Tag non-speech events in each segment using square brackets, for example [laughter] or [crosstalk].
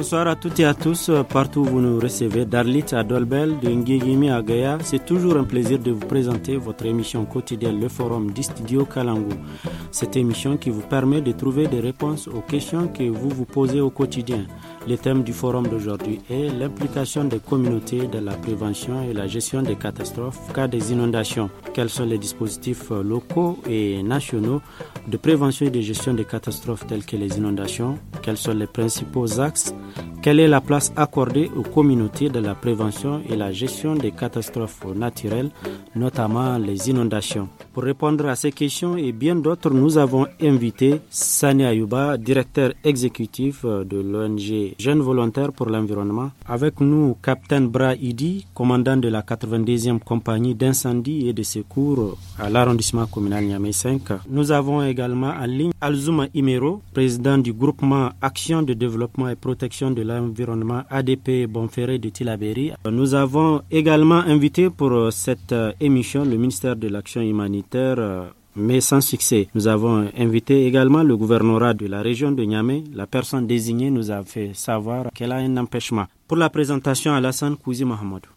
Bonsoir à toutes et à tous, euh, partout où vous nous recevez, d'Arlit à Dolbel, de Ngigimi à Gaïa. C'est toujours un plaisir de vous présenter votre émission quotidienne, le forum d'Istudio studio Cette émission qui vous permet de trouver des réponses aux questions que vous vous posez au quotidien. Le thème du forum d'aujourd'hui est l'implication des communautés dans la prévention et la gestion des catastrophes cas des inondations. Quels sont les dispositifs euh, locaux et nationaux de prévention et de gestion des catastrophes telles que les inondations Quels sont les principaux axes Quelle est la place accordée aux communautés dans la prévention et la gestion des catastrophes naturelles, notamment les inondations Pour répondre à ces questions et bien d'autres, nous avons invité Sani Ayuba, directeur exécutif euh, de l'ONG jeunes volontaires pour l'environnement. Avec nous, Capitaine Brahidi, commandant de la 92e compagnie d'incendie et de secours à l'arrondissement communal Niamey 5. Nous avons également en ligne Alzuma Imero, président du groupement Action de développement et protection de l'environnement ADP Bonferré de Tilaberi. Nous avons également invité pour cette émission le ministère de l'Action humanitaire mais sans succès. Nous avons invité également le gouvernorat de la région de Niamey. La personne désignée nous a fait savoir qu'elle a un empêchement. Pour la présentation, Alassane Kouzi Mahamadou.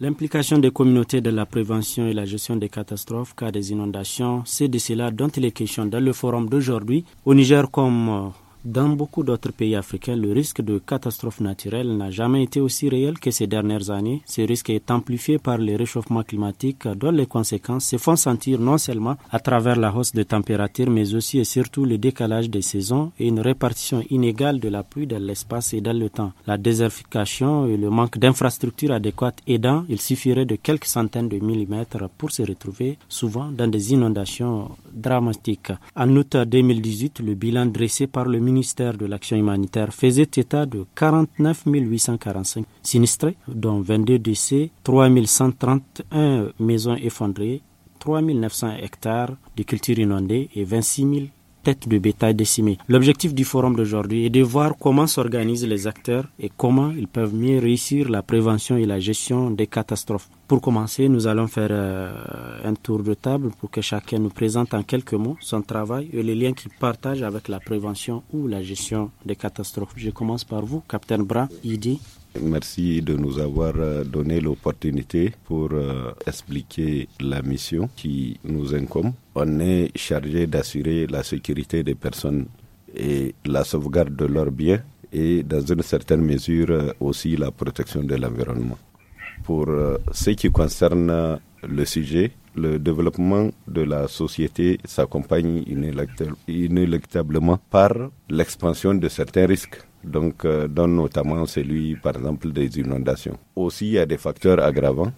L'implication des communautés de la prévention et la gestion des catastrophes, cas des inondations, c'est de cela dont il est question dans le forum d'aujourd'hui. Au Niger comme euh, dans beaucoup d'autres pays africains, le risque de catastrophe naturelle n'a jamais été aussi réel que ces dernières années. Ce risque est amplifié par le réchauffement climatique dont les conséquences se font sentir non seulement à travers la hausse des températures, mais aussi et surtout le décalage des saisons et une répartition inégale de la pluie dans l'espace et dans le temps. La désertification et le manque d'infrastructures adéquates aidant, il suffirait de quelques centaines de millimètres pour se retrouver souvent dans des inondations dramatique. En août 2018, le bilan dressé par le ministère de l'Action humanitaire faisait état de 49 845 sinistrés, dont 22 décès, 3 131 maisons effondrées, 3 900 hectares de cultures inondées et 26 000 têtes de bétail décimées. L'objectif du forum d'aujourd'hui est de voir comment s'organisent les acteurs et comment ils peuvent mieux réussir la prévention et la gestion des catastrophes. Pour commencer, nous allons faire euh, un tour de table pour que chacun nous présente en quelques mots son travail et les liens qu'il partage avec la prévention ou la gestion des catastrophes. Je commence par vous, Capitaine Bra, Idi. Merci de nous avoir euh, donné l'opportunité pour euh, expliquer la mission qui nous incombe. On est chargé d'assurer la sécurité des personnes et la sauvegarde de leurs biens et dans une certaine mesure euh, aussi la protection de l'environnement. Pour ce qui concerne le sujet, le développement de la société s'accompagne inéluctablement par l'expansion de certains risques donc euh, dont notamment celui, par exemple, des inondations. Aussi, il y a des facteurs aggravants.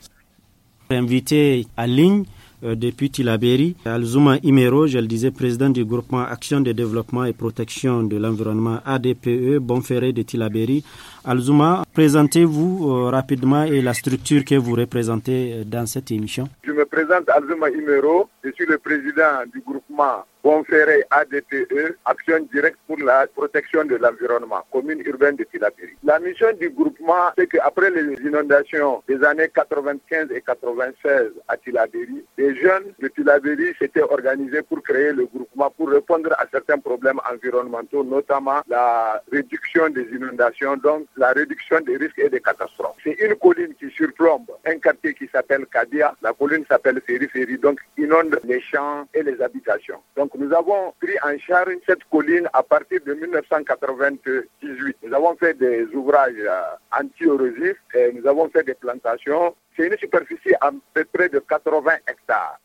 Invité à ligne euh, depuis Tilaberi, Alzuma Imero, je le disais, président du groupement Action de développement et protection de l'environnement ADPE, Bonferré de Tilaberi. Alzuma, présentez-vous euh, rapidement et la structure que vous représentez euh, dans cette émission. Je me présente Alzuma Imero, je suis le président du groupement Bonferré ADTE Action directe pour la protection de l'environnement, commune urbaine de Tilapiri. La mission du groupement, c'est qu'après les inondations des années 95 et 96 à Tilaberi, les jeunes de Tilaberi s'étaient organisés pour créer le groupement pour répondre à certains problèmes environnementaux, notamment la réduction des inondations, donc la réduction des risques et des catastrophes. C'est une colline qui surplombe un quartier qui s'appelle Kadia. La colline s'appelle Feriferi, donc inonde les champs et les habitations. Donc nous avons pris en charge cette colline à partir de 1998. Nous avons fait des ouvrages euh, anti-érosifs et nous avons fait des plantations. C'est une superficie à peu près de 80 hectares.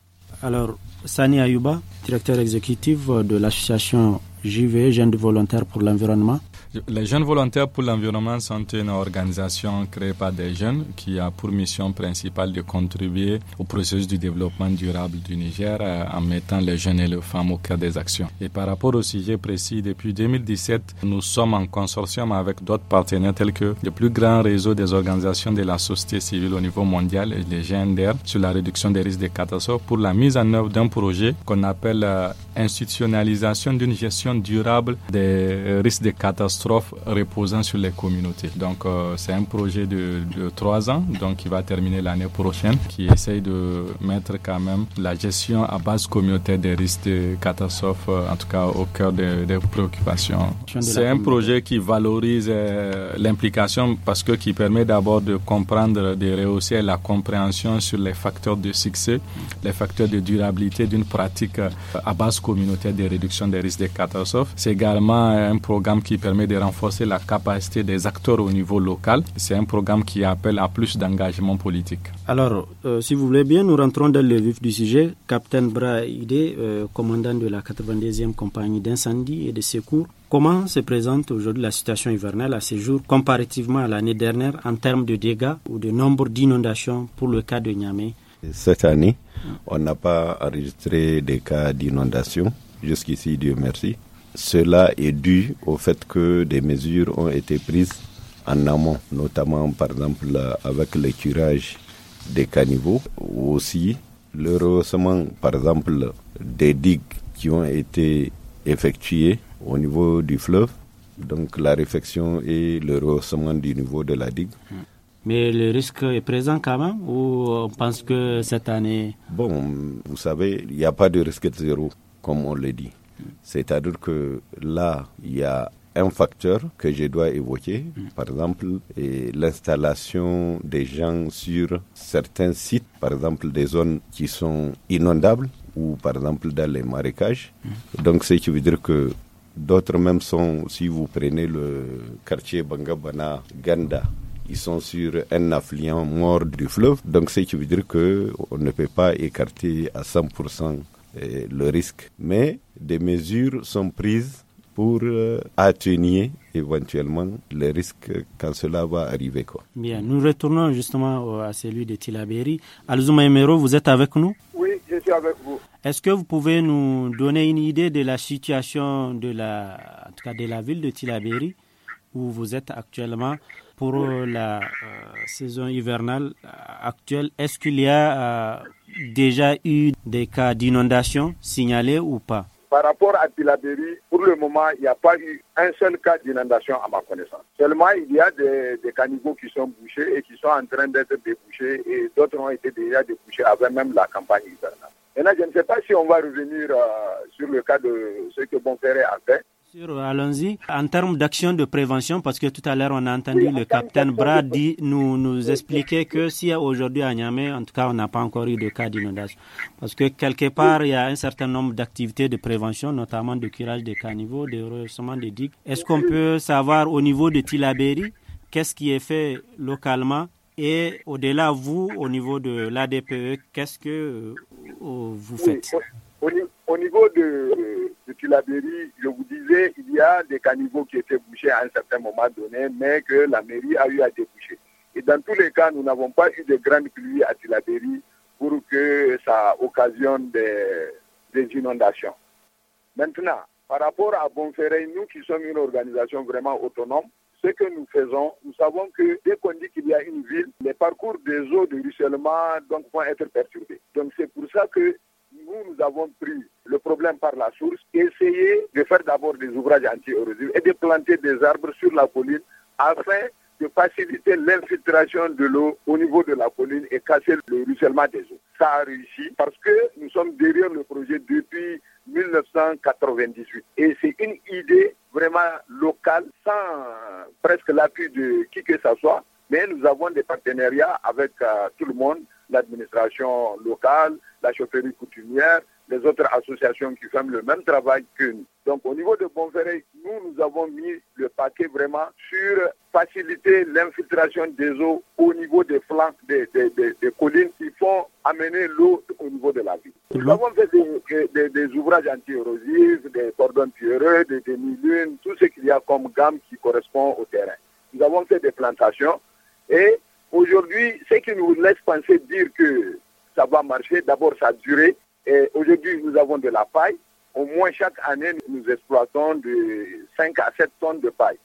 Alors, Sani Ayuba, directeur exécutif de l'association JV, Jeunes volontaires pour l'environnement. Les jeunes volontaires pour l'environnement sont une organisation créée par des jeunes qui a pour mission principale de contribuer au processus du développement durable du Niger euh, en mettant les jeunes et les femmes au cœur des actions. Et par rapport au sujet précis, depuis 2017, nous sommes en consortium avec d'autres partenaires tels que le plus grand réseau des organisations de la société civile au niveau mondial, les GNDR, sur la réduction des risques de catastrophes pour la mise en œuvre d'un projet qu'on appelle euh, institutionnalisation d'une gestion durable des risques de catastrophes reposant sur les communautés. Donc euh, c'est un projet de, trois ans, donc qui va terminer l'année prochaine, qui essaye de mettre quand même la gestion à base communautaire des risques de catastrophes, euh, en tout cas au cœur des préoccupations. C'est un projet qui valorise euh, l'implication parce que qui permet d'abord de comprendre, de rehausser la compréhension sur les facteurs de succès, les facteurs de durabilité d'une pratique à base communautaire de réduction des risques de catastrophes. C'est également un programme qui permet de renforcer la capacité des acteurs au niveau local. C'est un programme qui appelle à plus d'engagement politique. Alors, euh, si vous voulez bien, nous rentrons dans le vif du sujet. Capitaine Braide, euh, commandant de la 92e compagnie d'incendie et de secours, Comment se présente aujourd'hui la situation hivernale à ces jours comparativement à l'année dernière en termes de dégâts ou de nombre d'inondations pour le cas de Niamey Cette année, on n'a pas enregistré des cas d'inondation jusqu'ici, Dieu merci cela est dû au fait que des mesures ont été prises en amont, notamment par exemple avec le curage des caniveaux, ou aussi le rehaussement par exemple des digues qui ont été effectuées au niveau du fleuve, donc la réfection et le rehaussement du niveau de la digue. Mais le risque est présent quand même ou on pense que cette année... Bon, vous savez, il n'y a pas de risque de zéro, comme on le dit. C'est-à-dire que là, il y a un facteur que je dois évoquer, par exemple, l'installation des gens sur certains sites, par exemple des zones qui sont inondables ou par exemple dans les marécages. Donc, cest qui veut dire que d'autres même sont, si vous prenez le quartier Bangabana, Ganda, ils sont sur un affluent mort du fleuve. Donc, cest qui veut dire qu'on ne peut pas écarter à 100% le risque. Mais des mesures sont prises pour euh, atténuer éventuellement le risque quand cela va arriver. Quoi. Bien, nous retournons justement à celui de Tilaberi. Alzuma Emero, vous êtes avec nous Oui, je suis avec vous. Est-ce que vous pouvez nous donner une idée de la situation de la, de la ville de Tilaberi où vous êtes actuellement pour euh, la euh, saison hivernale actuelle, est-ce qu'il y a euh, déjà eu des cas d'inondation signalés ou pas par rapport à Pilaberi, pour le moment, il n'y a pas eu un seul cas d'inondation à ma connaissance. Seulement, il y a des, des caniveaux qui sont bouchés et qui sont en train d'être débouchés et d'autres ont été déjà débouchés avant même la campagne hivernale. Maintenant, je ne sais pas si on va revenir sur le cas de ce que Bonferré a fait allons-y. En termes d'action de prévention, parce que tout à l'heure, on a entendu le capitaine Brad nous, nous expliquer que a aujourd'hui à Niamey, en tout cas, on n'a pas encore eu de cas d'inondation. Parce que quelque part, il y a un certain nombre d'activités de prévention, notamment de curage des caniveaux, de rehaussement des digues. Est-ce qu'on peut savoir au niveau de Tilaberi, qu'est-ce qui est fait localement et au-delà, vous, au niveau de l'ADPE, qu'est-ce que euh, vous faites oui, au niveau de, de je vous disais, il y a des caniveaux qui étaient bouchés à un certain moment donné, mais que la mairie a eu à déboucher. Et dans tous les cas, nous n'avons pas eu de grandes pluies à Tilabéry pour que ça occasionne des, des, inondations. Maintenant, par rapport à Bonferré, nous qui sommes une organisation vraiment autonome, ce que nous faisons, nous savons que dès qu'on dit qu'il y a une ville, les parcours des eaux de ruissellement donc, vont être perturbés. Donc c'est pour ça que nous, nous avons pris le problème par la source, essayer de faire d'abord des ouvrages anti-érosifs et de planter des arbres sur la colline afin de faciliter l'infiltration de l'eau au niveau de la colline et casser le ruissellement des eaux. Ça a réussi parce que nous sommes derrière le projet depuis 1998. Et c'est une idée vraiment locale, sans presque l'appui de qui que ce soit, mais nous avons des partenariats avec euh, tout le monde l'administration locale, la chaufferie coutumière, les autres associations qui font le même travail que nous. Donc au niveau de Bonferré, nous, nous avons mis le paquet vraiment sur faciliter l'infiltration des eaux au niveau des flancs des, des, des, collines qui font amener l'eau au niveau de la ville. Nous avons fait des, ouvrages anti-érosifs, des cordons pierreux, des demi-lunes, tout ce qu'il y a comme gamme qui correspond au terrain. Nous avons fait des plantations et Aujourd'hui, ce qui nous laisse penser dire que ça va marcher, d'abord ça a duré. Aujourd'hui, nous avons de la paille. Au moins chaque année, nous exploitons de 5 à 7 tonnes de paille.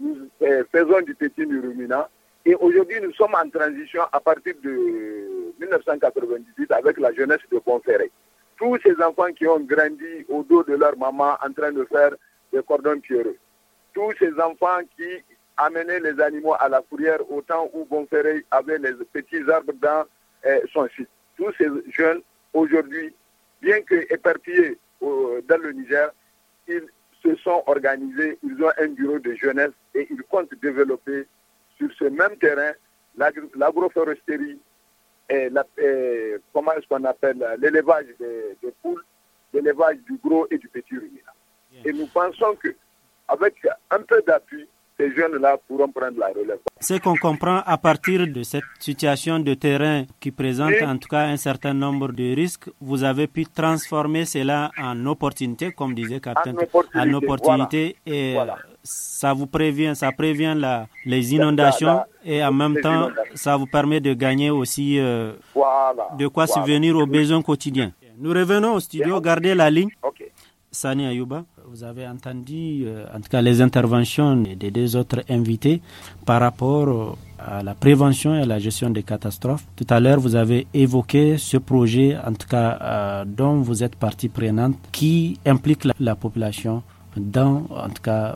Nous euh, faisons du petit ruminant. Et aujourd'hui, nous sommes en transition à partir de 1998 avec la jeunesse de Bonferré. Tous ces enfants qui ont grandi au dos de leur maman en train de faire des cordons pierreux. Tous ces enfants qui amener les animaux à la fourrière au temps où Bonferré avait les petits arbres dans eh, son site. Tous ces jeunes, aujourd'hui, bien que dans le Niger, ils se sont organisés, ils ont un bureau de jeunesse et ils comptent développer sur ce même terrain l'agroforesterie et, la, comment est-ce qu'on appelle l'élevage des, des, poules, l'élevage du gros et du petit ruminant. Et nous pensons que avec un peu d'appui, ces jeunes-là pourront prendre la relève. Ce qu'on comprend à partir de cette situation de terrain qui présente en tout cas un certain nombre de risques, vous avez pu transformer cela en opportunité, comme disait Captain, en opportunité, en opportunité et ça vous prévient, ça prévient les inondations et en même temps, ça vous permet de gagner aussi euh, de quoi subvenir aux besoins quotidiens. Nous revenons au studio, gardez la ligne. Sani Ayouba. Vous avez entendu, euh, en tout cas, les interventions des deux autres invités par rapport euh, à la prévention et la gestion des catastrophes. Tout à l'heure, vous avez évoqué ce projet, en tout cas, euh, dont vous êtes partie prenante, qui implique la, population dans, en tout cas,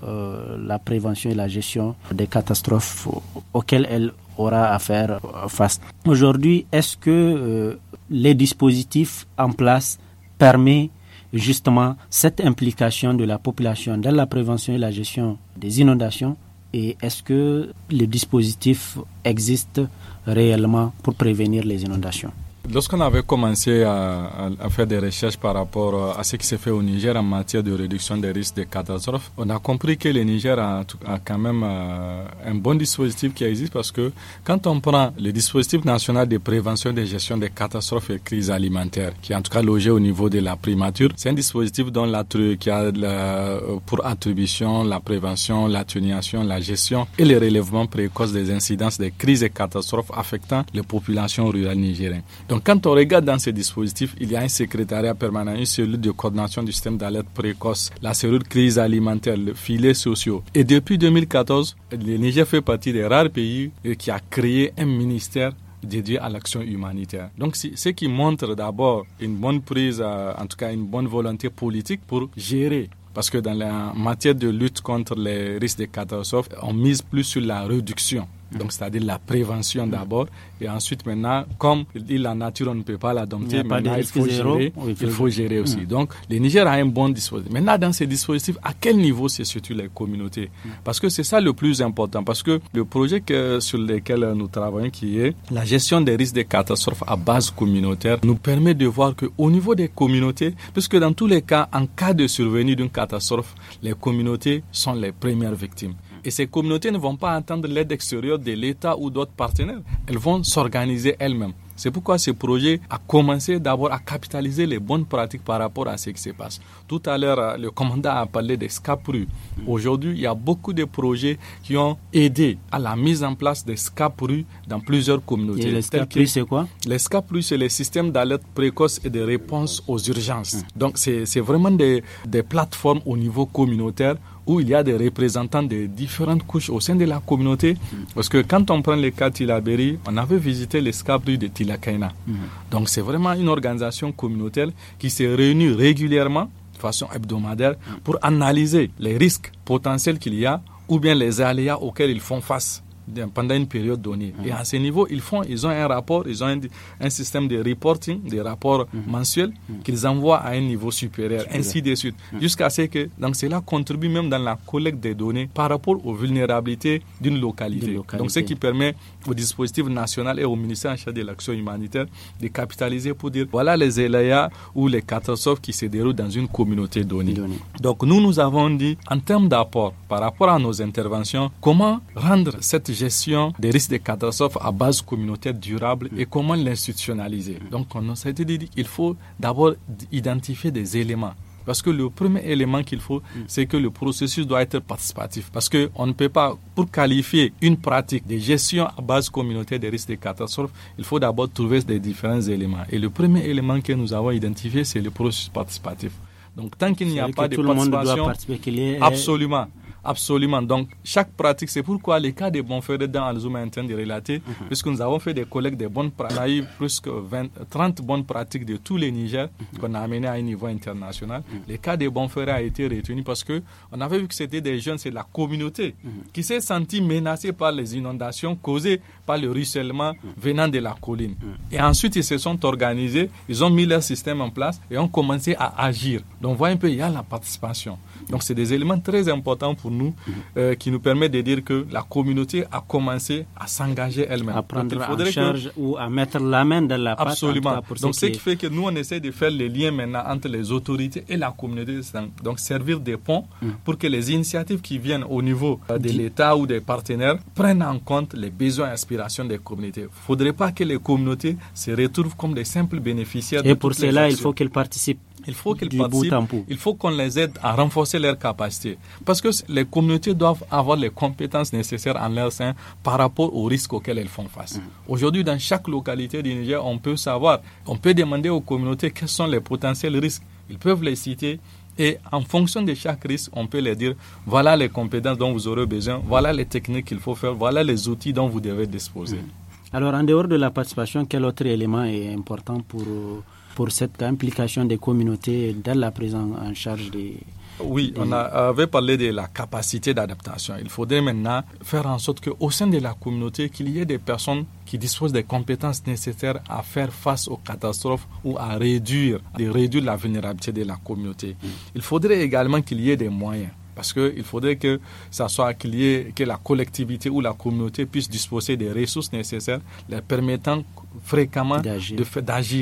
la prévention et la gestion des catastrophes auxquelles elle aura à faire face. Aujourd'hui, est-ce que les dispositifs en place permettent justement cette implication de la population dans la prévention et la gestion des inondations et est-ce que le dispositif existe réellement pour prévenir les inondations Lorsqu'on avait commencé à, faire des recherches par rapport euh, à ce qui s'est fait au Niger en matière de réduction des risques de catastrophes, on a compris que le Niger a, quand même euh, un bon dispositif qui existe parce que quand on prend le dispositif national de prévention et de gestion des catastrophes et crises alimentaires, qui est en tout cas logé au niveau de la primature, c'est un dispositif dont la, qui a la, euh, pour attribution la prévention, l'atténuation, la gestion et le relèvement précoce des incidences des crises et catastrophes affectant les populations rurales nigériennes. Donc quand on regarde dans ces dispositifs, il y a un secrétariat permanent, une cellule de coordination du système d'alerte précoce, la cellule crise alimentaire, le filet social. Et depuis 2014, le Niger fait partie des rares pays euh, qui a créé un ministère dédié à l'action humanitaire. Donc, ce qui montre d'abord une bonne prise, euh, en tout cas une bonne volonté politique pour gérer parce que dans la matière de lutte contre les risques de catastrophes, on mise plus sur la réduction c'est-à-dire la prévention d'abord, et ensuite maintenant, comme la nature, on ne peut pas la dompter, il maintenant il faut, gérer, aussi. Mm. Donc le Niger a un bon dispositif. Maintenant, dans ces dispositifs, à quel niveau se situent les communautés mm. Parce que c'est ça le plus important, parce que le projet sur lequel euh, nous travaillons, qui est la gestion des risques de catastrophes à base communautaire, nous permet de voir qu'au niveau des communautés, puisque dans tous les cas, en cas de survenue d'une catastrophe, les communautés sont les premières victimes. Et ces communautés ne vont pas attendre l'aide extérieure de l'État ou d'autres partenaires. Elles vont s'organiser elles-mêmes. C'est pourquoi ce projet a commencé d'abord à capitaliser les bonnes pratiques par rapport à ce qui se passe. Tout à l'heure, euh, le commandant a parlé des SCAPRU. Aujourd'hui, il y a beaucoup de projets qui ont aidé à la mise en place des SCAPRU dans plusieurs communautés. Et les SCAPRU, c'est quoi Les SCAPRU, c'est les systèmes d'alerte précoce et de réponse aux urgences. Hein. Donc, c'est vraiment des, des plateformes au niveau communautaire où il y a des représentants de différentes couches au sein de la communauté. Parce que quand on prend le cas Tilaberi, on avait visité les de Tilakaina. Mhm. Donc c'est vraiment une organisation communautaire qui se réunit régulièrement, de façon hebdomadaire, mhm. pour analyser les risques potentiels qu'il y a ou bien les aléas auxquels ils font face pendant une période donnée. Et à ce niveau, ils font, ils ont un rapport, ils ont un, système de reporting, des rapports mhm. mensuels qu'ils envoient à un niveau supérieur, ainsi de suite. Mhm. Jusqu'à ce que, donc cela contribue même dans la collecte des données par rapport aux vulnérabilités d'une localité. Donc ce qui permet au dispositif national et au ministère en charge de l'action humanitaire de capitaliser pour dire voilà les éléas ou les catastrophes qui se déroulent dans une communauté donnée. donnée. Donc nous, nous avons dit en termes d'apport par rapport à nos interventions, comment rendre cette gestion des risques de catastrophes à base communautaire durable et comment l'institutionnaliser. Donc, on s'est dit qu'il faut d'abord identifier des éléments. Parce que le premier élément qu'il faut, c'est que le processus doit être participatif. Parce qu'on ne peut pas, pour qualifier une pratique de gestion à base communautaire des risques de catastrophes, il faut d'abord trouver des différents éléments. Et le premier élément que nous avons identifié, c'est le processus participatif. Donc, tant qu'il n'y a pas de participation, euh, absolument. Absolument. Donc, chaque pratique, c'est pourquoi les cas des bons frères dans Alzouma est en de relater, mhm. puisque nous avons fait des collègues des bonnes pratiques, plus que 20, 30 bonnes pratiques de tous les Niger mhm. qu'on a amené à un niveau international. Mhm. Les cas des bons frères a été retenu parce que on avait vu que c'était des jeunes, c'est la communauté qui s'est sentie menacée par les inondations causées par le ruissellement venant de la colline. Et ensuite, ils se sont organisés, ils ont mis leur système en place et ont commencé à agir. Donc, on voit un peu, il y a la participation. Donc c'est des éléments très importants pour nous mhm. euh, qui nous permettent de dire que la communauté a commencé à s'engager elle-même. À prendre en charge ou à mettre la main dans la pâte. Absolument. Donc ce qui... fait que nous on essaie de faire les liens maintenant entre les autorités et la communauté. Donc servir des ponts mhm. pour que les initiatives qui viennent au niveau euh, de l'État ou des partenaires prennent en compte les besoins et aspirations des communautés. Il ne faudrait pas que les communautés se retrouvent comme des simples bénéficiaires. Et pour cela, il faut qu'elles participent il faut qu'ils participent. Il faut qu'on les aide à renforcer leurs capacités. Parce que les communautés doivent avoir les compétences nécessaires en leur sein par rapport aux risques auxquels elles font face. Mm. Aujourd'hui, dans chaque localité du Niger, on peut savoir, on peut demander aux communautés quels sont les potentiels risques. Ils peuvent les citer. Et en fonction de chaque risque, on peut leur dire, voilà les compétences dont vous aurez besoin, voilà les techniques qu'il faut faire, voilà les outils dont vous devez disposer. Mm. Alors, en dehors de la participation, quel autre élément est important pour euh, pour cette implication des communautés dans la prise en charge des, oui, on avait parlé de la capacité d'adaptation. Il faudrait maintenant faire en sorte qu'au sein de la communauté, qu'il y ait des personnes qui disposent des compétences nécessaires à faire face aux catastrophes ou à réduire, de réduire la vulnérabilité de la communauté. Mm. Il faudrait également qu'il y ait des moyens. Parce qu'il faudrait que ça soit que la collectivité ou la communauté puisse disposer des ressources nécessaires, les permettant fréquemment d'agir.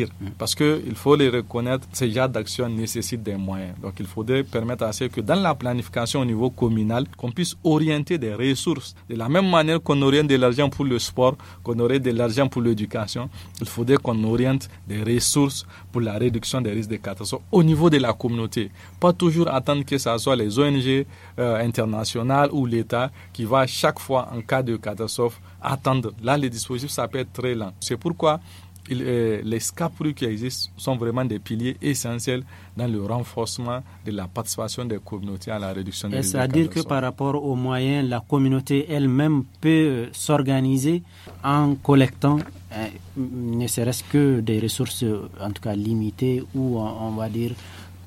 Mm. parce Parce qu'il faut les reconnaître, ces genres d'action nécessitent des moyens. Donc il faudrait permettre à ce que dans la planification au niveau communal, qu'on puisse orienter des ressources. De la même manière qu'on oriente de l'argent pour le sport, qu'on aurait de l'argent pour l'éducation, il faudrait qu'on oriente des ressources pour la réduction des risques de catastrophe au niveau de la communauté. Pas toujours attendre que ce soit les ONG euh, internationales ou l'État qui va chaque fois en cas de catastrophe attendre. Là, les dispositifs, ça peut être très lent. C'est pourquoi euh, les scapules qui existent sont vraiment des piliers essentiels dans le renforcement de la participation des communautés à la réduction des C'est-à-dire que par rapport aux moyens, la communauté elle-même peut euh, s'organiser en collectant, euh, ne serait-ce que des ressources, en tout cas limitées, ou on va dire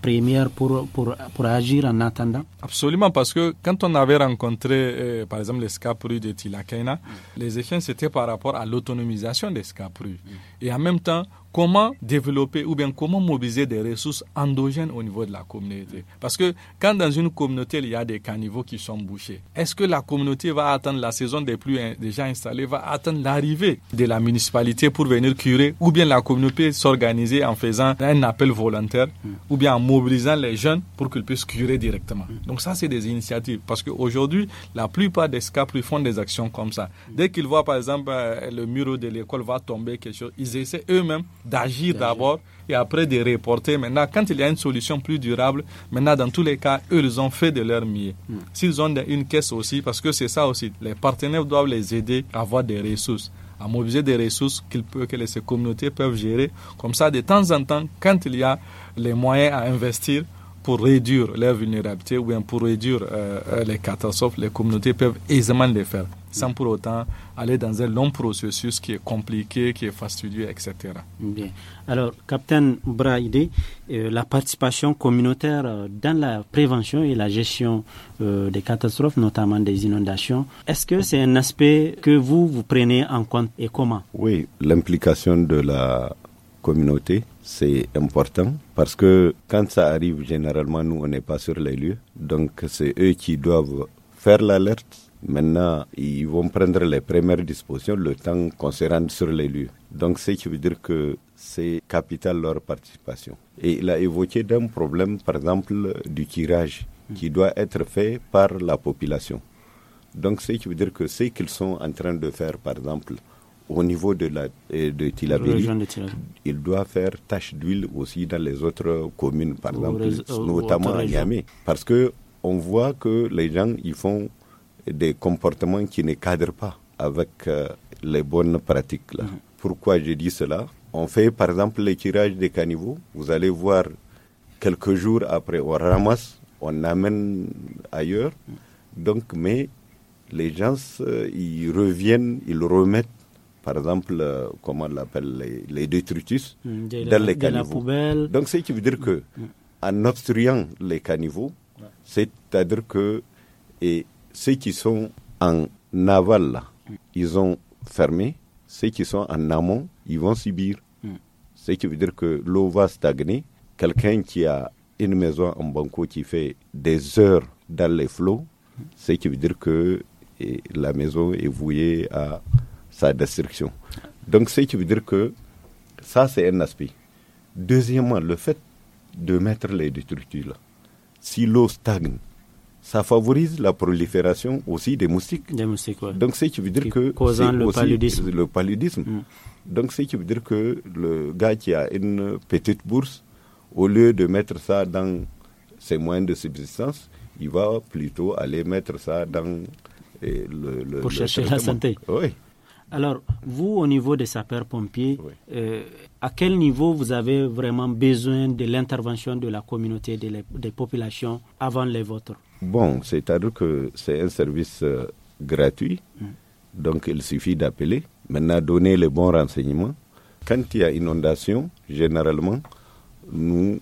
première pour, pour, agir en attendant Absolument, parce que quand on avait rencontré, euh, par exemple, les Scapru de Tilakaina, mm. les échanges étaient par rapport à l'autonomisation des Scapru. Mm. Et en même temps, comment développer ou bien comment mobiliser des ressources endogènes au niveau de la communauté. Parce que quand dans une communauté, il y a des caniveaux qui sont bouchés, est-ce que la communauté va attendre la saison des pluies déjà installées, va attendre l'arrivée de la municipalité pour venir curer, ou bien la communauté s'organiser en faisant un appel volontaire, hmm. ou bien en mobilisant les jeunes pour qu'ils puissent curer directement. Hmm. Donc ça, c'est des initiatives. Parce qu'aujourd'hui, la plupart des SCAPRI font des actions comme ça. Hmm. Dès qu'ils voient, par exemple, euh, le mur de l'école va tomber, quelque chose, ils essaient eux-mêmes d'agir d'abord et après de reporter. Maintenant, quand il y a une solution plus durable, maintenant, dans tous les cas, eux, ils ont fait de leur mieux. Hmm. S'ils ont une caisse aussi, parce que c'est ça aussi, les partenaires doivent les aider à avoir des ressources à mobiliser des ressources qu peut, que les communautés peuvent gérer. Comme ça, de temps en temps, quand il y a les moyens à investir, pour réduire la vulnérabilité ou bien pour réduire euh, euh, les catastrophes, les communautés peuvent aisément les faire, sans pour autant aller dans un long processus qui est compliqué, qui est fastidieux, etc. Bien. Alors, Capitaine Braide, euh, la participation communautaire dans la prévention et la gestion des catastrophes, notamment des inondations, est-ce que c'est un aspect que vous, vous prenez en compte et comment Oui, l'implication de la communauté, c'est important parce que quand ça arrive, généralement, nous, on n'est pas sur les lieux. Donc, c'est eux qui doivent faire l'alerte. Maintenant, ils vont prendre les premières dispositions le temps qu'on se rende sur les lieux. Donc, ce qui veut dire que c'est capital leur participation. Et il a évoqué d'un problème, par exemple, du tirage qui doit être fait par la population. Donc, ce qui veut dire que ce qu'ils sont en train de faire, par exemple, au niveau de la euh, de il doit faire tâche d'huile aussi dans les autres communes, par exemple, notamment à Niamey, parce que on voit que les gens ils font des comportements qui ne cadrent pas avec euh, les bonnes pratiques mm-hmm. Pourquoi je dis cela On fait par exemple les tirages des caniveaux. Vous allez voir quelques jours après, on ramasse, on amène ailleurs. Mm. Donc, mais les gens, euh, ils reviennent, ils remettent par exemple, euh, comment on l'appelle, les, détritus mm, dans les caniveaux. Donc, cest qui veut dire que, mm, mm. en obstruant les caniveaux, c'est-à-dire que et ceux qui sont en aval, ils ont fermé. Ceux qui sont en amont, ils vont subir. Ce qui veut dire que l'eau va stagner. Quelqu'un qui a une maison en banco qui fait des heures dans les flots, cest qui veut dire que la maison est vouée à sa destruction. Donc, ce qui veut dire que ça, c'est un aspect. Deuxièmement, le fait de mettre les détritus là, si l'eau stagne, ça favorise la prolifération aussi des moustiques. Des moustiques, ouais. Donc, ce qui veut dire que. Causant le paludisme. Le paludisme. Mm. Donc, ce qui veut dire que le gars qui a une petite bourse, au lieu de mettre ça dans ses moyens de subsistance, il va plutôt aller mettre ça dans. Eh, le, le, pour chercher la santé. Oui. Alors, vous, au niveau des sapeurs-pompiers, euh, à quel niveau vous avez vraiment besoin de l'intervention de la communauté, de des populations avant les vôtres Bon, c'est-à-dire que c'est un service euh, gratuit, hmm. donc il suffit d'appeler. Maintenant, donner les bons renseignements. Quand il y a inondation, généralement, nous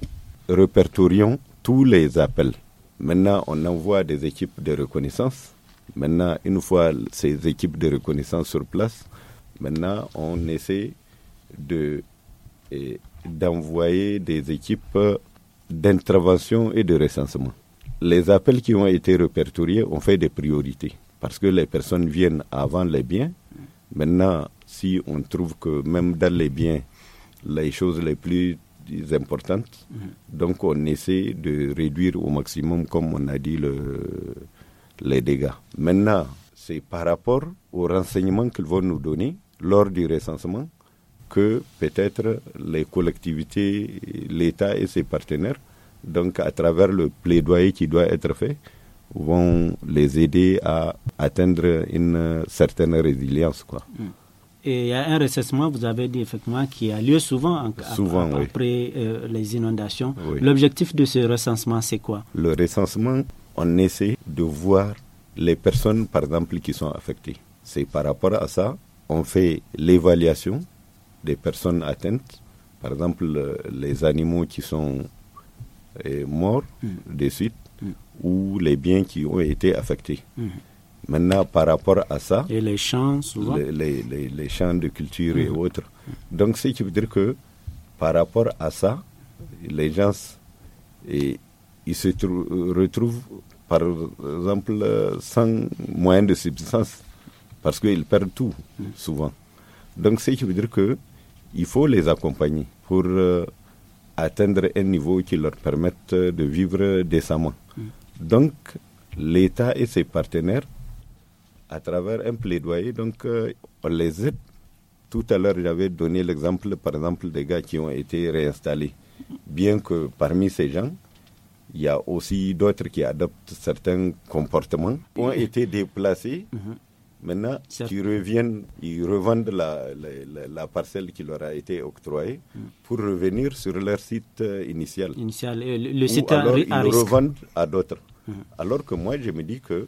répertorions tous les appels. Maintenant, on envoie des équipes de reconnaissance Maintenant, une fois ces équipes de reconnaissance sur place, maintenant on essaie de eh, d'envoyer des équipes euh, d'intervention et de recensement. Les appels qui ont été répertoriés ont fait des priorités parce que les personnes viennent avant les biens. Maintenant, si on trouve que même dans les biens, les choses les plus importantes, mhm. donc on essaie de réduire au maximum, comme on a dit, le, les dégâts. Maintenant, c'est par rapport aux renseignements qu'ils vont nous donner lors du recensement que peut-être les collectivités, l'État et ses partenaires, donc à travers le plaidoyer qui doit être fait, vont les aider à atteindre une certaine résilience. Quoi. Mm. Et il y a un recensement, vous avez dit effectivement, qui a lieu souvent, après, euh, les inondations. L'objectif de ce recensement, c'est quoi Le recensement on essaie de voir les personnes, par exemple, qui sont affectées. C'est par rapport à ça, on fait l'évaluation des personnes atteintes. Par exemple, euh, les animaux qui sont euh, morts mm. de suite mm. ou les biens qui ont été affectés. Mm. Maintenant, par rapport à ça. Et les champs, souvent. Les, champs de culture et autres. Donc, ce qui veut dire que par rapport à ça, les gens. Et, ils se retrouvent, par exemple, sans moyen de subsistance, parce qu'ils perdent tout, souvent. Donc, ce qui veut dire que il faut les accompagner pour euh, atteindre un niveau qui leur permette de vivre décemment. Donc, l'État et ses partenaires, à travers un plaidoyer, donc, euh, on les aide. Tout à l'heure, j'avais donné l'exemple, par exemple, des gars qui ont été réinstallés. Bien que parmi ces gens, il y a aussi d'autres qui adoptent certains comportements, ont mhm. été déplacés. Mhm. Maintenant, qui reviennent, ils revendent la, parcelle qui leur a été octroyée mhm. pour revenir sur leur site euh, initial. Initial, euh, le, site Ou alors, à, ils revendent à d'autres. Alors que moi, je me dis que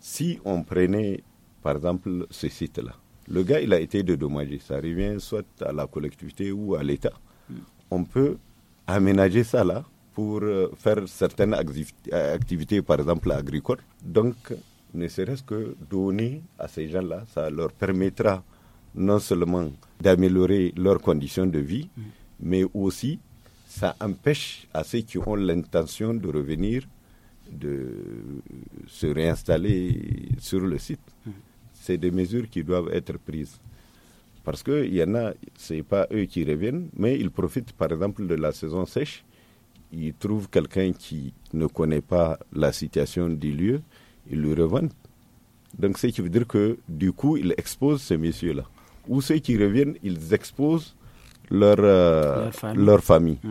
si on prenait, par exemple, ce site-là, le gars, il a été dédommagé. Ça revient soit à la collectivité ou à l'État. On peut aménager ça là pour euh, faire certaines euh, activités, par exemple agricoles. Donc, ne serait-ce que donner à ces gens-là, ça leur permettra non seulement d'améliorer leurs conditions de vie, mm. mais aussi ça empêche à ceux qui ont l'intention de revenir de se réinstaller sur le site. Mm. C'est des mesures qui doivent être prises. Parce qu'il y en a, ce n'est pas eux qui reviennent, mais ils profitent par exemple de la saison sèche ils trouvent quelqu'un qui ne connaît pas la situation du lieu, ils le revendent. Donc, ce qui veut dire que, du coup, ils exposent ces messieurs-là. Ou ceux qui reviennent, ils exposent leur, euh, leur famille. Mmh.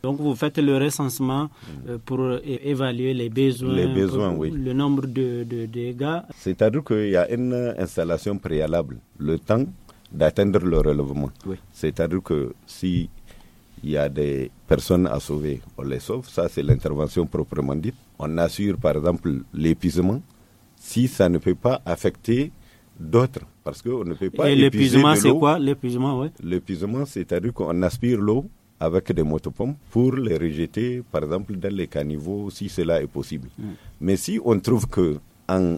Donc vous faites le recensement mmh. euh, pour évaluer les besoins, le nombre de, de, dégâts. C'est-à-dire qu'il y a une installation préalable, le temps d'atteindre le relevement C'est-à-dire que si il y a des personnes à sauver, on les sauve. Ça, c'est l'intervention proprement dite. On assure, par exemple, l'épuisement si ça ne peut pas affecter d'autres. Parce qu'on ne peut pas. Et l'épuisement, c'est quoi L'épuisement, oui. L'épuisement, c'est-à-dire qu'on aspire l'eau avec des motopompes pour les rejeter, par exemple, dans les caniveaux, si cela est possible. Mm. Mais si on trouve que en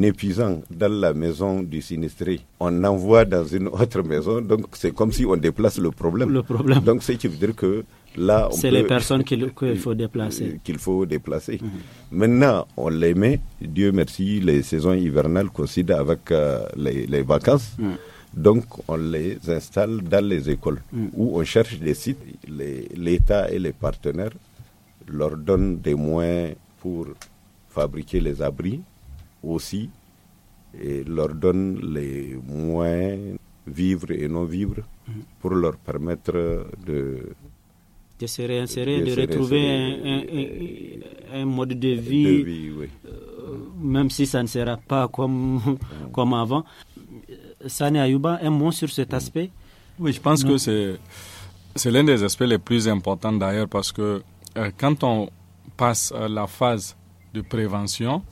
épuisant dans la maison du sinistré, on envoie dans une autre maison. Donc, c'est comme si on déplace le problème. Le problème. Donc, cest qui dire que là, on C'est les personnes qu'il faut déplacer. Qu'il faut déplacer. [laughs] Mhm. Maintenant, on les met, Dieu merci, les saisons hivernales coïncident avec euh, les, vacances. Mhm. Donc, on les installe dans les écoles mhm. où on cherche des sites. L'État et les partenaires leur donnent des moyens pour fabriquer les abris aussi et leur donne les moyens, vivre et non vivre, pour leur permettre de de se réinsérer, de, retrouver un, mode de vie, euh, même si ça ne sera pas comme, [laughs] comme avant. Sani Ayouba, un mot sur cet aspect Oui, je pense que c'est, l'un des aspects les plus importants d'ailleurs parce que euh, quand on passe la phase de prévention,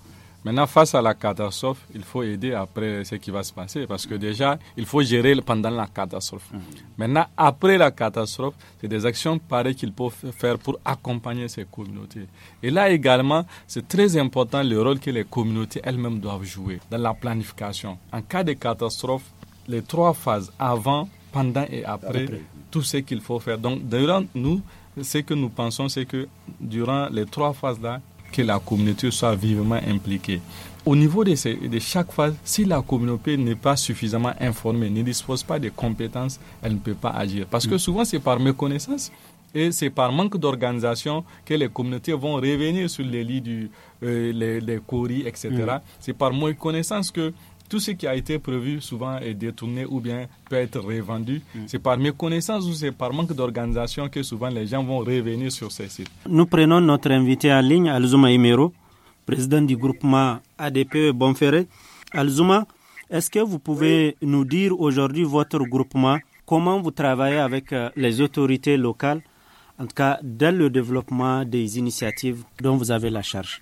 Maintenant, face à la catastrophe, il faut aider après ce qui va se passer parce que déjà, il faut gérer pendant la catastrophe. Mhm. Maintenant, après la catastrophe, c'est des actions pareilles qu'il faut faire pour accompagner ces communautés. Et là également, c'est très important le rôle que les communautés elles-mêmes doivent jouer dans la planification. En cas de catastrophe, les trois phases avant, pendant et après, après. tout ce qu'il faut faire. Donc, durant nous, ce que nous pensons, c'est que durant les trois phases-là, que la communauté soit vivement impliquée. Au niveau de, de chaque phase, si la communauté n'est pas suffisamment informée, ne dispose pas des compétences, elle ne peut pas agir. Parce que mm. souvent, c'est par méconnaissance et c'est par manque d'organisation que les communautés vont revenir sur les lits du, euh, les, courriers, etc. Mm. C'est par méconnaissance que tout ce qui a été prévu souvent est détourné ou bien peut être revendu. Mm. C'est par méconnaissance ou c'est par manque d'organisation que souvent les gens vont revenir sur ces sites. Nous prenons notre invité en ligne, Alzuma Imero, président du groupement ADP Bonferré. Alzuma, est-ce que vous pouvez nous dire aujourd'hui votre groupement, comment vous travaillez avec euh, les autorités locales, en tout cas dans le développement des initiatives dont vous avez la charge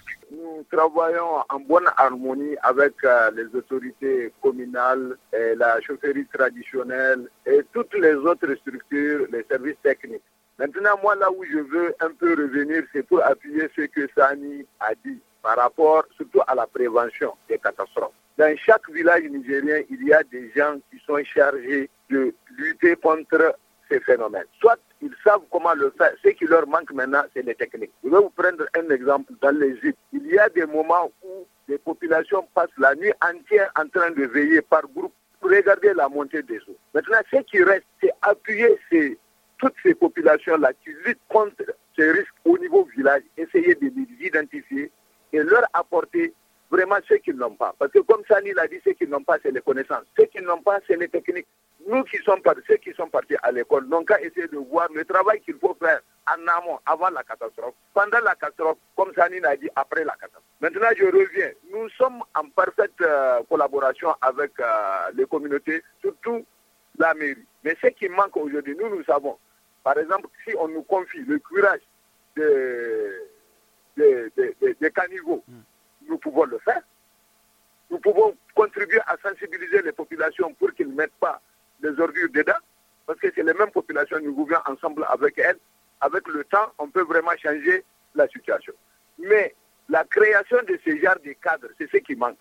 travaillons en bonne harmonie avec euh, les autorités communales, et la chaufferie traditionnelle et toutes les autres structures, les services techniques. Maintenant, moi, là où je veux un peu revenir, c'est pour appuyer ce que Sani a dit par rapport surtout à la prévention des catastrophes. Dans chaque village nigérien, il y a des gens qui sont chargés de lutter contre ces phénomènes. Soit ils savent comment le faire. Ce qui leur manque maintenant, c'est les techniques. Je vais vous prendre un exemple. Dans l'Égypte, il y a des moments où les populations passent la nuit entière en train de veiller par groupe pour regarder la montée des eaux. Maintenant, ce qui reste, c'est appuyer toutes ces populations-là qui luttent contre ces risques au niveau village, essayer de les identifier et leur apporter vraiment ce qu'ils n'ont pas. Parce que comme Sani l'a dit, ce qu'ils n'ont pas, c'est les connaissances. Ce qu'ils n'ont pas, c'est les techniques nous qui sommes partis, ceux qui sont partis à l'école, n'ont qu'à essayer de voir le travail qu'il faut faire en amont, avant la catastrophe, pendant la catastrophe, comme Zanine a dit, après la catastrophe. Maintenant, je reviens. Nous sommes en parfaite euh, collaboration avec euh, les communautés, surtout la mairie. Mais ce qui manque aujourd'hui, nous, nous savons. Par exemple, si on nous confie le courage des de, caniveaux, hmm. nous pouvons le faire. Nous pouvons contribuer à sensibiliser les populations pour qu'ils ne mettent pas des ordures dedans, parce que c'est les mêmes populations, nous gouvernons ensemble avec elles. Avec le temps, on peut vraiment changer la situation. Mais la création de ce genre de cadre, c'est ce qui manque.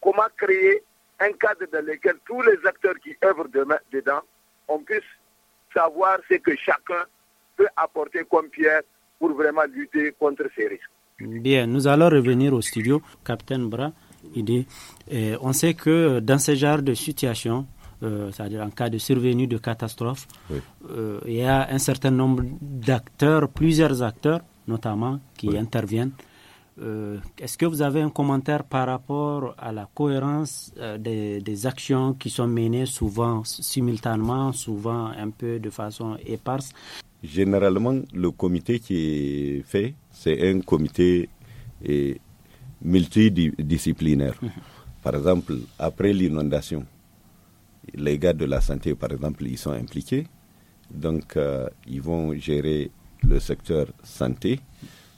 Comment créer un cadre dans lequel tous les acteurs qui œuvrent dedans, on puisse savoir ce que chacun peut apporter comme pierre pour vraiment lutter contre ces risques. Bien, nous allons revenir au studio. Captain Bra, idée. Eh, on sait que dans ce genre de situation, euh, c'est-à-dire en cas de survenue de catastrophe, euh, il y a un certain nombre d'acteurs, plusieurs acteurs notamment, qui interviennent. Euh, est-ce que vous avez un commentaire par rapport à la cohérence des, des, actions qui sont menées souvent simultanément, souvent un peu de façon éparse Généralement, le comité qui est fait, c'est un comité multidisciplinaire. Mhm. Par exemple, après l'inondation, les gars de la santé, par exemple, ils sont impliqués. Donc, euh, ils vont gérer le secteur santé.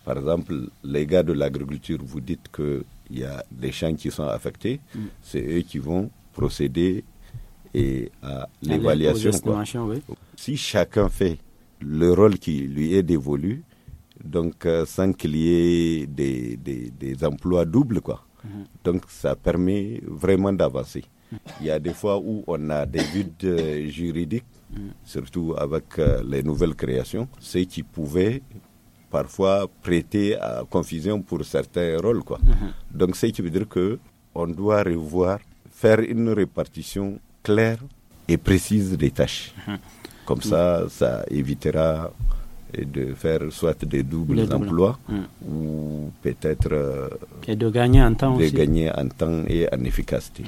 Par exemple, les gars de l'agriculture, vous dites qu'il y a des champs qui sont affectés. Mm. C'est eux qui vont procéder et à l'évaluation. Si chacun fait le rôle qui lui est dévolu, donc euh, sans qu'il y ait des, emplois doubles, quoi. Mm-hmm. Donc, ça permet vraiment d'avancer. Il y a des fois où on a des buts euh, juridiques, surtout avec euh, les nouvelles créations, ce qui pouvait parfois prêter à confusion pour certains rôles. Quoi. Mhm. Donc, ce qui veut dire que on doit revoir, faire une répartition claire et précise des tâches. Mhm. Comme ça, ça évitera de faire soit des doubles emplois mhm. ou peut-être. Euh, et de gagner en temps de gagner en temps et en efficacité.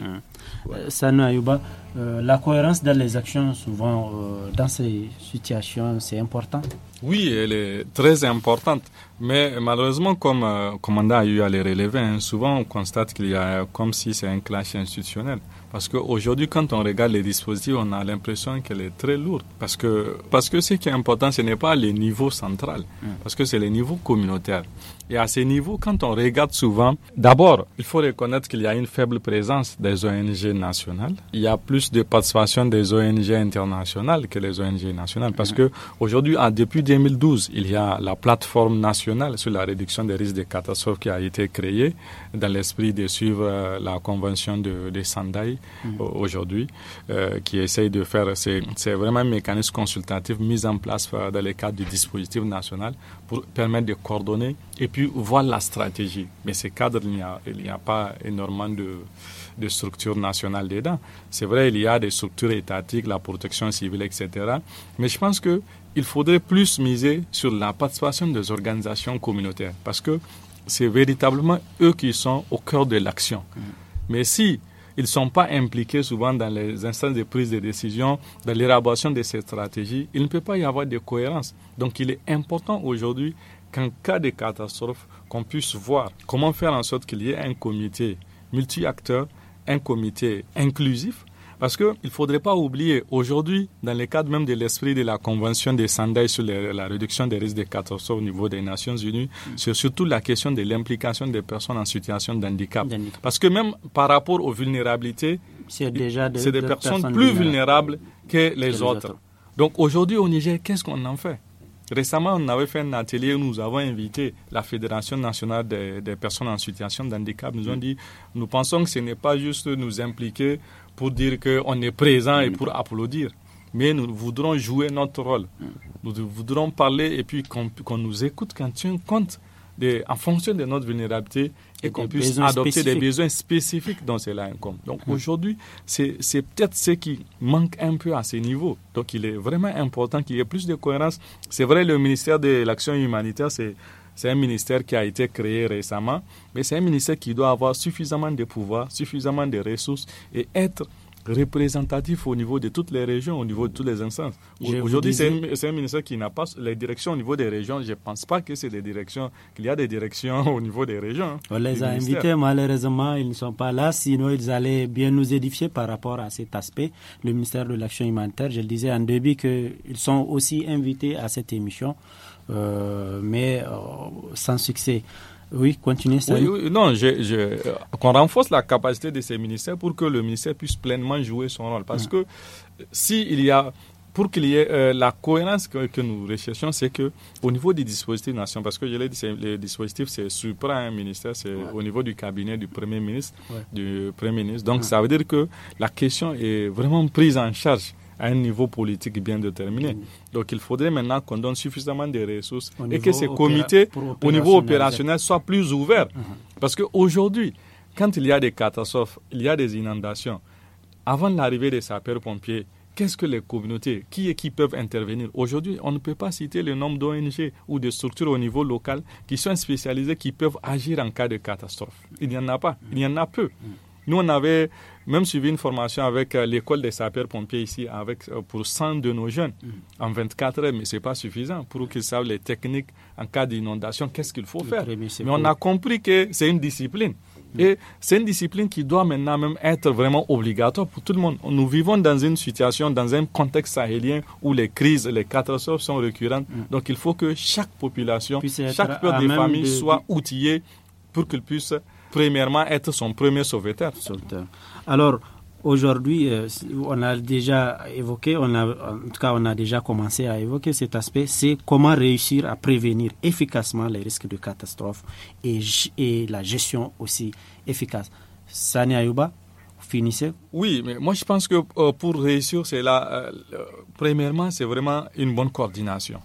Euh, Ayuba, euh, la cohérence dans les actions, souvent euh, dans ces situations, c'est important Oui, elle est très importante. Mais malheureusement, comme euh, commandant a eu à les relever, hein, souvent on constate qu'il y a comme si c'est un clash institutionnel. Parce qu'aujourd'hui, quand on regarde les dispositifs, on a l'impression qu'elle est très lourde. Parce que, parce que ce qui est important, ce n'est pas le niveau central, hum. parce que c'est le niveau communautaire. Et à ce niveau, quand on regarde souvent, d'abord, il faut reconnaître qu'il y a une faible présence des ONG nationales. Il y a plus de participation des ONG internationales que les ONG nationales. Parce que aujourd'hui, ah, depuis 2012, il y a la plateforme nationale sur la réduction des risques de catastrophes qui a été créée dans l'esprit de suivre euh, la convention de, Sendai mhm. aujourd'hui, euh, qui essaye de faire, c'est vraiment un mécanisme consultatif mis en place euh, dans le cadre du dispositif national pour permettre de coordonner et puis voir la stratégie. Mais ces cadres, il n'y a, a pas énormément de, structures nationales dedans. C'est vrai, il y a des structures étatiques, la protection civile, etc. Mais je pense que il faudrait plus miser sur la participation des organisations communautaires parce que c'est véritablement eux qui sont au cœur de l'action. Mmh. Mais si ils ne sont pas impliqués souvent dans les instances de prise de décision, dans l'élaboration de ces stratégies. Il ne peut pas y avoir de cohérence. Donc il est important aujourd'hui qu'en cas de catastrophe, qu'on puisse voir comment faire en sorte qu'il y ait un comité multi-acteurs, un comité inclusif parce qu'il ne faudrait pas oublier, aujourd'hui, dans le cadre même de l'esprit de la Convention des Sandai sur la réduction des risques de catastrophes au niveau des Nations Unies, mm. c'est surtout la question de l'implication des personnes en situation de handicap. Parce que même par rapport aux vulnérabilités, c'est déjà des personnes, plus vulnérables, que, les, autres. Donc aujourd'hui au Niger, qu'est-ce qu'on en fait Récemment, on avait fait un atelier où nous avons invité la Fédération nationale des, personnes en situation d'handicap. Nous ont mm. dit, nous pensons que ce n'est pas juste nous impliquer pour dire qu'on est présent et mm. pour applaudir. Mais nous voudrons jouer notre rôle. Mm. Nous voudrons parler et puis qu'on nous écoute quand tu compte de, en fonction de notre vulnérabilité et, qu'on puisse adopter des besoins spécifiques dont cela incombe. Donc mm. aujourd'hui, c'est peut-être ce qui manque un peu à ce niveau. Donc il est vraiment important qu'il y ait plus de cohérence. C'est vrai, le ministère de l'Action humanitaire, c'est c'est un ministère qui a été créé récemment, mais c'est un ministère qui doit avoir suffisamment de pouvoir, suffisamment de ressources et être représentatif au niveau de toutes les régions, au niveau de tous les instances. Aujourd'hui, c'est un, ministère qui n'a pas les directions au niveau des régions. Je ne pense pas que c'est des directions, qu'il y a des directions [laughs] au niveau des régions. Hein, On les a invités, malheureusement, ils ne sont pas là, sinon ils allaient bien nous édifier par rapport à cet aspect. Le ministère de l'Action humanitaire, je le disais en début, ils sont aussi invités à cette émission. Euh, mais euh, sans succès. Oui, continuez. Ça non, je, euh, qu'on renforce la capacité de ces ministères pour que le ministère puisse pleinement jouer son rôle. Parce que si il y a pour qu'il y ait la cohérence que, nous recherchons, c'est que au niveau des dispositifs nationaux, parce que je l'ai dit, les dispositifs, c'est supra ministère, c'est au niveau du cabinet du Premier ministre, du Premier ministre. Donc, ça veut dire que la question est vraiment prise en charge à un niveau politique bien déterminé. Donc il faudrait maintenant qu'on donne suffisamment de ressources et que ces comités, au niveau opérationnel, soient plus ouverts. Uh-huh. Parce Parce qu'aujourd'hui, quand il y a des catastrophes, il y a des inondations, avant l'arrivée des sapeurs-pompiers, Qu'est-ce que les communautés Qui et qui peuvent intervenir Aujourd'hui, on ne peut pas citer le nombre d'ONG ou de structures au niveau local qui sont spécialisées, qui peuvent agir en cas de catastrophe. Il n'y en a pas, il y en a peu. Mm. Nous, on avait même suivi une formation avec euh, l'école des sapeurs-pompiers ici avec, euh, pour 100 de nos jeunes mm. en 24 heures, mais ce n'est pas suffisant pour qu'ils savent les techniques en cas d'inondation, qu'est-ce qu'il faut faire. mais on a compris que c'est une discipline. Mm. Et c'est une discipline qui doit maintenant même être vraiment obligatoire pour tout le monde. Nous vivons dans une situation, dans un contexte sahélien où les crises, les catastrophes sont récurrentes. Mm. Donc il faut que chaque population, chaque peuple des familles soit outillé pour qu'ils puissent premièrement être son premier sauveteur. Alors, aujourd'hui, euh, on a déjà évoqué, on a, en tout cas, on a déjà commencé à évoquer cet aspect, c'est comment réussir à prévenir efficacement les risques de catastrophe et, la gestion aussi efficace. Sani Ayuba, finissez. Oui, mais moi je pense que euh, pour réussir euh, premièrement, c'est vraiment une bonne coordination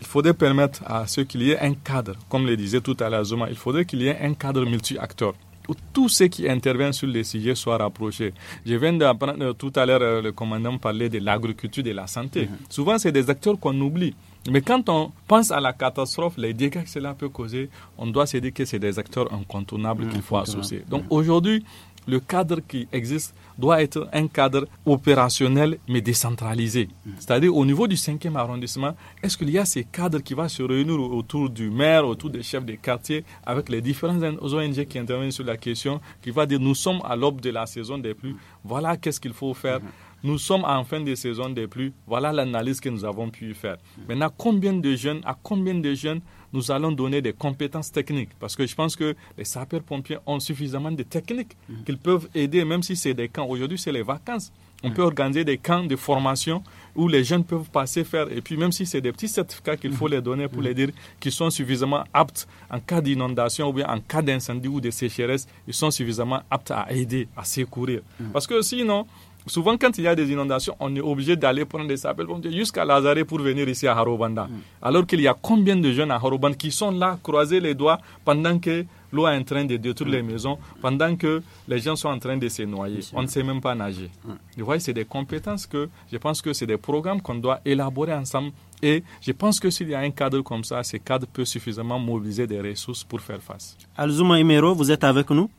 il faudrait permettre à ceux qu'il y ait un cadre, comme le disait tout à l'heure Zuma, il faudrait qu'il y ait un cadre multi-acteurs où tous ceux qui interviennent sur les sujets soient rapprochés. Je viens d'apprendre euh, tout à l'heure, euh, le commandant parlait de l'agriculture, de la santé. Mm-hmm. Souvent, c'est des acteurs qu'on oublie. Mais quand on pense à la catastrophe, les dégâts que cela peut causer, on doit se dire que c'est des acteurs incontournables mm, qu'il faut associer. Donc aujourd'hui, le cadre qui existe doit être un cadre opérationnel mais décentralisé. C'est-à-dire au niveau du 5e arrondissement, est-ce qu'il y a ces cadres qui vont se réunir autour du maire, autour des chefs des quartiers, avec les différents ONG qui interviennent sur la question, qui va dire nous sommes à l'aube de la saison des pluies, voilà qu'est-ce qu'il faut faire. Nous sommes en fin de saison des pluies, voilà l'analyse que nous avons pu faire. Maintenant, combien de jeunes, à combien de jeunes nous allons donner des compétences techniques. Parce que je pense que les sapeurs-pompiers ont suffisamment de techniques mhm. qu'ils peuvent aider, même si c'est des camps. Aujourd'hui, c'est les vacances. On peut organiser des camps de formation où les jeunes peuvent passer faire. Et puis, même si c'est des petits certificats qu'il faut mhm. les donner pour mhm. les dire qu'ils sont suffisamment aptes en cas d'inondation ou bien en cas d'incendie ou de sécheresse, ils sont suffisamment aptes à aider, à secourir. Parce que sinon, Souvent, quand il y a des inondations, on est obligé d'aller prendre des appels jusqu'à Lazare pour venir ici à Harobanda. Hmm. Alors qu'il y a combien de jeunes à Harobanda qui sont là, croisés les doigts, pendant que l'eau est en train de détruire hmm. les maisons, pendant que les gens sont en train de se noyer. On ne sait même pas nager. Hmm. Vous voyez, c'est des compétences que je pense que c'est des programmes qu'on doit élaborer ensemble. Et je pense que s'il y a un cadre comme ça, ce cadre peut suffisamment mobiliser des ressources pour faire face. Alzuma Imero, vous êtes avec nous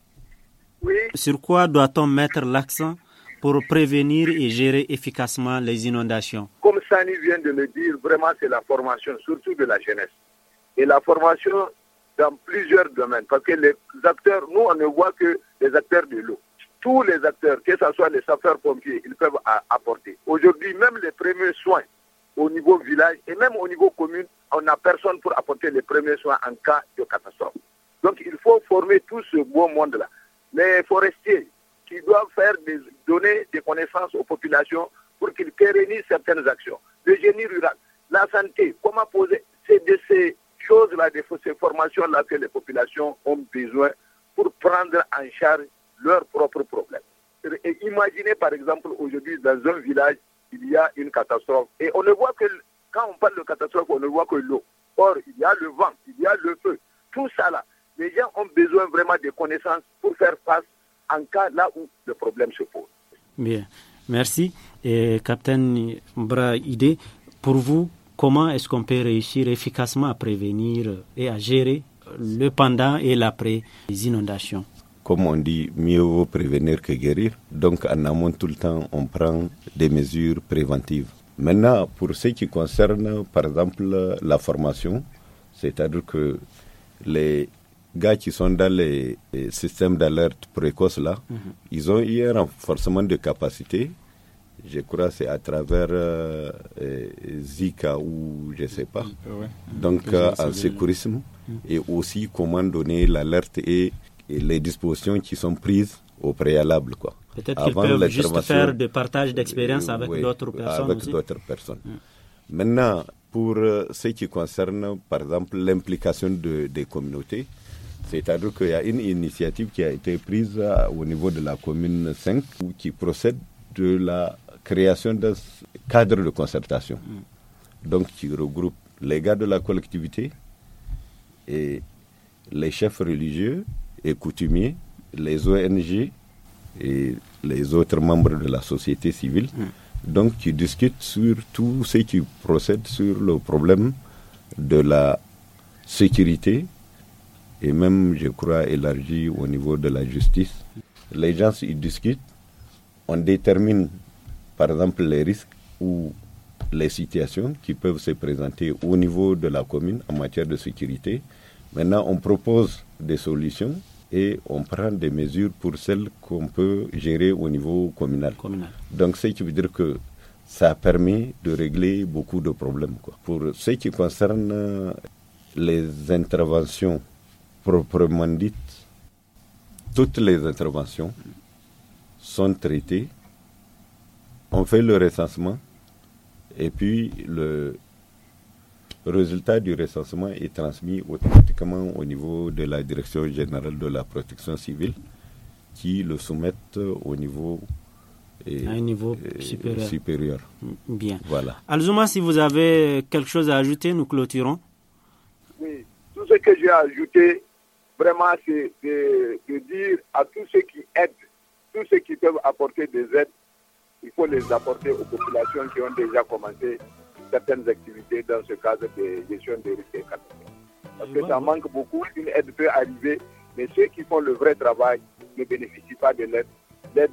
Oui. Sur quoi doit-on mettre l'accent pour prévenir et gérer efficacement les inondations Comme Sani vient de le dire, vraiment c'est la formation, surtout de la jeunesse. Et la formation dans plusieurs domaines, parce que les acteurs, nous on ne voit que les acteurs de l'eau. Tous les acteurs, que ce soit les sapeurs-pompiers, ils peuvent apporter. Aujourd'hui, même les premiers soins au niveau village et même au niveau commune, on n'a personne pour apporter les premiers soins en cas de catastrophe. Donc il faut former tout ce beau monde-là. Les forestiers, ils doivent faire des, donner des connaissances aux populations pour qu'ils pérennisent certaines actions. Le génie rural, la santé, comment poser, c'est de ces choses-là, de ces formations-là que les populations ont besoin pour prendre en charge leurs propres problèmes. Et imaginez par exemple aujourd'hui dans un village, il y a une catastrophe. Et on ne voit que, quand on parle de catastrophe, on ne voit que l'eau. Or, il y a le vent, il y a le feu. Tout ça là, les gens ont besoin vraiment des connaissances pour faire face en cas là où le problème se pose. Bien, merci. Et, Capitaine idée pour vous, comment est-ce qu'on peut réussir efficacement à prévenir et à gérer le pendant et l'après les inondations comme on dit, mieux vaut prévenir que guérir. Donc en amont, tout le temps, on prend des mesures préventives. Maintenant, pour ce qui concerne, par exemple, la formation, c'est-à-dire que les gars qui sont dans les, systèmes d'alerte précoce là, mhm. ils ont eu un renforcement de capacité. Je crois c'est à travers euh, euh, Zika ou je sais pas. Donc un euh, sécurisme mhm. et aussi comment donner l'alerte et, les dispositions qui sont prises au préalable Peut-être qu'ils peuvent juste faire des partage d'expérience avec d'autres personnes. Avec d'autres personnes. Maintenant, pour ce qui concerne par exemple l'implication de, des communautés, c'est-à-dire qu'il y a une initiative qui a été prise euh, au niveau de la commune 5 qui procède de la création d'un cadre de concertation, mm. donc qui regroupe les gars de la collectivité et les chefs religieux et coutumiers, les ONG et les autres membres de la société civile, mm. donc qui discutent sur tout ce qui procède sur le problème de la sécurité et même, je crois, élargi au niveau de la justice. Les gens, ils discutent, on détermine, par exemple, les risques ou les situations qui peuvent se présenter au niveau de la commune en matière de sécurité. Maintenant, on propose des solutions et on prend des mesures pour celles qu'on peut gérer au niveau communal. Donc, ce qui veut dire que ça permet de régler beaucoup de problèmes. Pour ce qui concerne les interventions proprement dite, toutes les interventions sont traitées. On fait le recensement et puis le résultat du recensement est transmis automatiquement au niveau de la Direction générale de la protection civile qui le soumettent au niveau et, un niveau supérieur. Bien. Voilà. Alzuma, si vous avez quelque chose à ajouter, nous clôturons. Oui, tout ce que j'ai ajouté vraiment c'est de, dire à tous ceux qui aident, tous ceux qui peuvent apporter des aides, il faut les apporter aux populations qui ont déjà commencé certaines activités dans ce cadre de gestion des risques Parce que ça manque beaucoup, une aide peut arriver, mais ceux qui font le vrai travail ne bénéficient pas de l'aide. L'aide,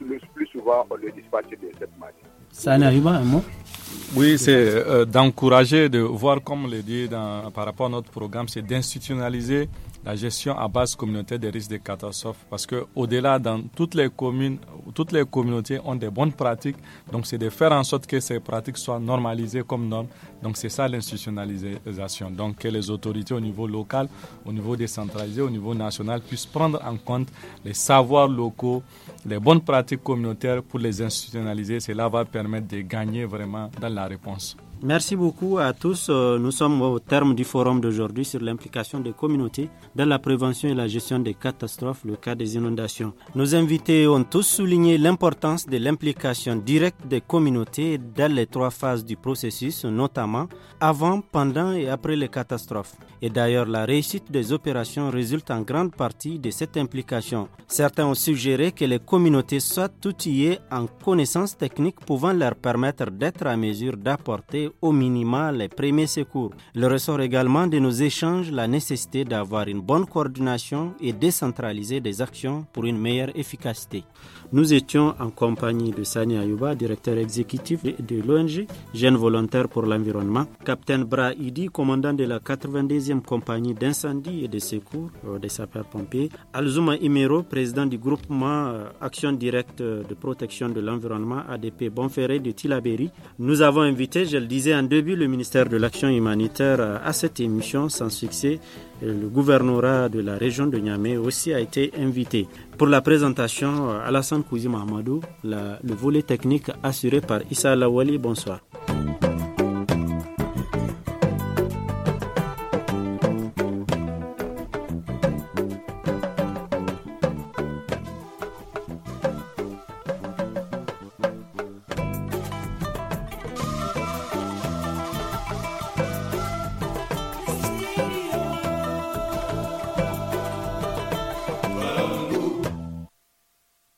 le plus souvent, on le dispatche de cette manière. Ça n'arrive pas, hein, un mot oui, c'est euh, d'encourager, de voir, comme le dit par rapport à notre programme, c'est d'institutionnaliser la gestion à base communautaire des risques de catastrophe. Parce que au-delà, dans toutes les communes, toutes les communautés ont des bonnes pratiques. Donc, c'est de faire en sorte que ces pratiques soient normalisées comme normes. Donc, c'est ça l'institutionnalisation. Donc, que les autorités au niveau local, au niveau décentralisé, au niveau national puissent prendre en compte les savoirs locaux, les bonnes pratiques communautaires pour les institutionnaliser. Cela va permettre de gagner vraiment dans la réponse. Merci beaucoup à tous. Euh, nous sommes au terme du forum d'aujourd'hui sur l'implication des communautés dans la prévention et la gestion des catastrophes, le cas des inondations. Nos invités ont tous souligné l'importance de l'implication directe des communautés dans les trois phases du processus, notamment avant, pendant et après les catastrophes. Et d'ailleurs, la réussite des opérations résulte en grande partie de cette implication. Certains ont suggéré que les communautés soient outillées en connaissances techniques pouvant leur permettre d'être à mesure d'apporter au minimal les premiers secours. Le ressort également de nos échanges la nécessité d'avoir une bonne coordination et décentraliser des actions pour une meilleure efficacité. Nous étions en compagnie de Sani Ayuba, directeur exécutif de l'ONG Jeunes Volontaires pour l'Environnement, Captain Brahidi, commandant de la 92e compagnie d'incendie et de secours euh, des sapeurs-pompiers, Alzuma Imero, président du groupement euh, Action directe de protection de l'environnement ADP Bonferré de Tilaberi. Nous avons invité, je le disais en début, le ministère de l'Action humanitaire euh, à cette émission sans succès. Le gouvernorat de la région de Niamey aussi a été invité. Pour la présentation, euh, Alassane Kouzi Mahamadou, le volet technique assuré par Issa Lawali. Bonsoir.